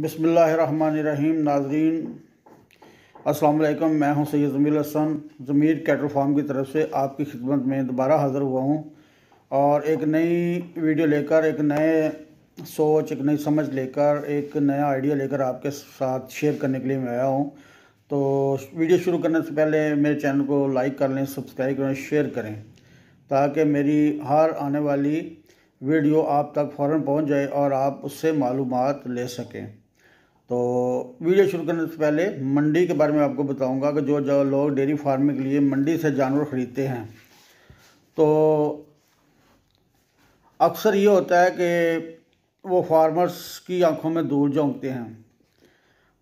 बिसमीम नाजरीन अस्सलाम मैं हूं सैयद जमील हसन ज़मीर कैटर फार्म की तरफ से आपकी खिदमत में दोबारा हाज़िर हुआ हूं और एक नई वीडियो लेकर एक नए सोच एक नई समझ लेकर एक नया आइडिया लेकर आपके साथ शेयर करने के लिए मैं आया हूं तो वीडियो शुरू करने से पहले मेरे चैनल को लाइक कर लें सब्सक्राइब करें शेयर करें ताकि मेरी हर आने वाली वीडियो आप तक फ़ौर पहुँच जाए और आप उससे मालूम ले सकें तो वीडियो शुरू करने से पहले मंडी के बारे में आपको बताऊंगा कि जो जो लोग डेयरी फार्मिंग के लिए मंडी से जानवर ख़रीदते हैं तो अक्सर ये होता है कि वो फार्मर्स की आंखों में दूर झोंकते हैं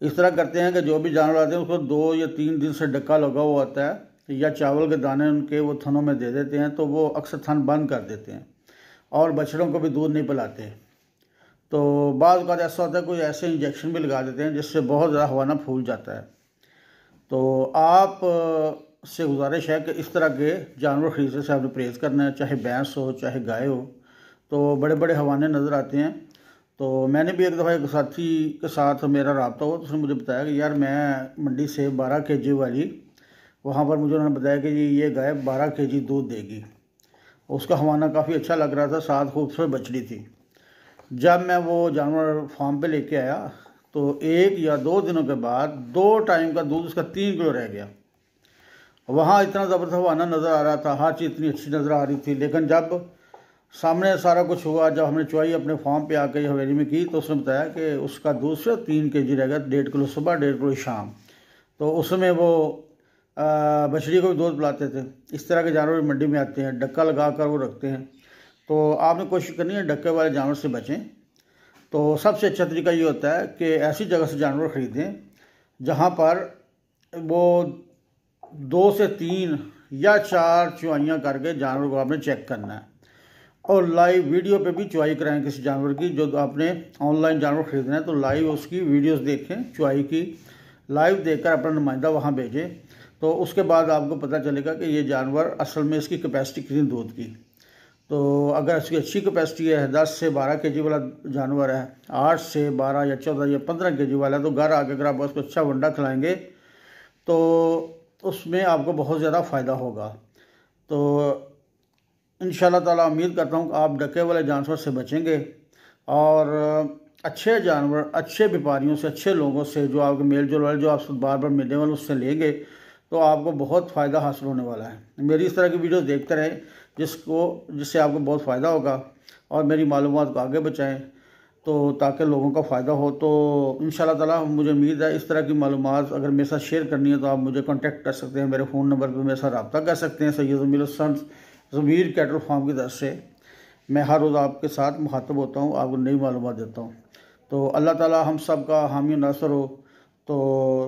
इस तरह करते हैं कि जो भी जानवर आते हैं उसको दो या तीन दिन से डक्का लगा हुआ होता है या चावल के दाने उनके वो थनों में दे देते हैं तो वो अक्सर थन बंद कर देते हैं और बछड़ों को भी दूध नहीं पिलाते हैं तो बाद बाद तो ऐसा होता है कोई ऐसे इंजेक्शन भी लगा देते हैं जिससे बहुत ज़्यादा हवाना फूल जाता है तो आप से गुजारिश है कि इस तरह के जानवर खरीदने से आपने परहेज़ करना है चाहे भैंस हो चाहे गाय हो तो बड़े बड़े हवाने नज़र आते हैं तो मैंने भी एक दफ़ा एक साथी के साथ मेरा रबता हुआ तो उसने मुझे बताया कि यार मैं मंडी से बारह के जी वाली वहाँ पर मुझे उन्होंने बताया कि ये गाय बारह के जी दूध देगी उसका हवाना काफ़ी अच्छा लग रहा था साथ खूबसूरत बछड़ी थी जब मैं वो जानवर फार्म पे लेके आया तो एक या दो दिनों के बाद दो टाइम का दूध उसका तीन किलो रह गया वहाँ इतना ज़बरदस्त हवाना नज़र आ रहा था हर चीज़ इतनी अच्छी नज़र आ रही थी लेकिन जब सामने सारा कुछ हुआ जब हमने चुवाई अपने फार्म पे आके हवेली में की तो उसने बताया कि उसका दूध सिर्फ तीन के जी रह गया डेढ़ किलो सुबह डेढ़ किलो शाम तो उसमें वो बछड़ी को भी दूध पिलाते थे इस तरह के जानवर मंडी में आते हैं डक्का लगा कर वो रखते हैं तो आपने कोशिश करनी है डक्के वाले जानवर से बचें तो सबसे अच्छा तरीका ये होता है कि ऐसी जगह से जानवर ख़रीदें जहाँ पर वो दो से तीन या चार चुहाइयाँ करके जानवर को आपने चेक करना है और लाइव वीडियो पे भी चुहाई कराएं किसी जानवर की जो आपने ऑनलाइन जानवर ख़रीदना है तो लाइव उसकी वीडियोस देखें चुहाई की लाइव देखकर अपना नुमाइंदा वहाँ भेजें तो उसके बाद आपको पता चलेगा कि ये जानवर असल में इसकी कैपेसिटी कितनी दूध की तो अगर इसकी अच्छी कैपेसिटी है दस से बारह के जी वाला जानवर है आठ से बारह या चौदह या पंद्रह के जी वाला तो घर आके अगर आप उसको अच्छा वंडा खिलाएंगे तो उसमें आपको बहुत ज़्यादा फ़ायदा होगा तो इन ताला उम्मीद करता हूँ आप डके वाले जानवर से बचेंगे और अच्छे जानवर अच्छे व्यापारियों से अच्छे लोगों से जो आपके मेल जोल वाले जो आप बार बार मिलने वाले उससे लेंगे तो आपको बहुत फ़ायदा हासिल होने वाला है मेरी इस तरह की वीडियो देखते रहें जिसको जिससे आपको बहुत फ़ायदा होगा और मेरी मालूम को आगे बचाएँ तो ताकि लोगों का फ़ायदा हो तो इन ताला मुझे उम्मीद है इस तरह की मालूम अगर मेरे साथ शेयर करनी है तो आप मुझे कांटेक्ट कर सकते हैं मेरे फ़ोन नंबर पर मेरे साथ रबता कर सकते हैं Syed Zameer sons Zameer cattle farm की तरफ से मैं हर रोज़ आपके साथ मुखातब होता हूँ आपको नई मालूम देता हूँ तो अल्लाह ताली हम सब का हामी नासर हो तो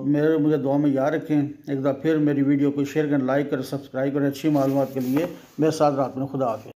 मेरे मुझे दुआ में याद रखें एक बार फिर मेरी वीडियो को शेयर करें लाइक करें सब्सक्राइब करें अच्छी मालूम के लिए मेरे साथ रात में खुदा हाफि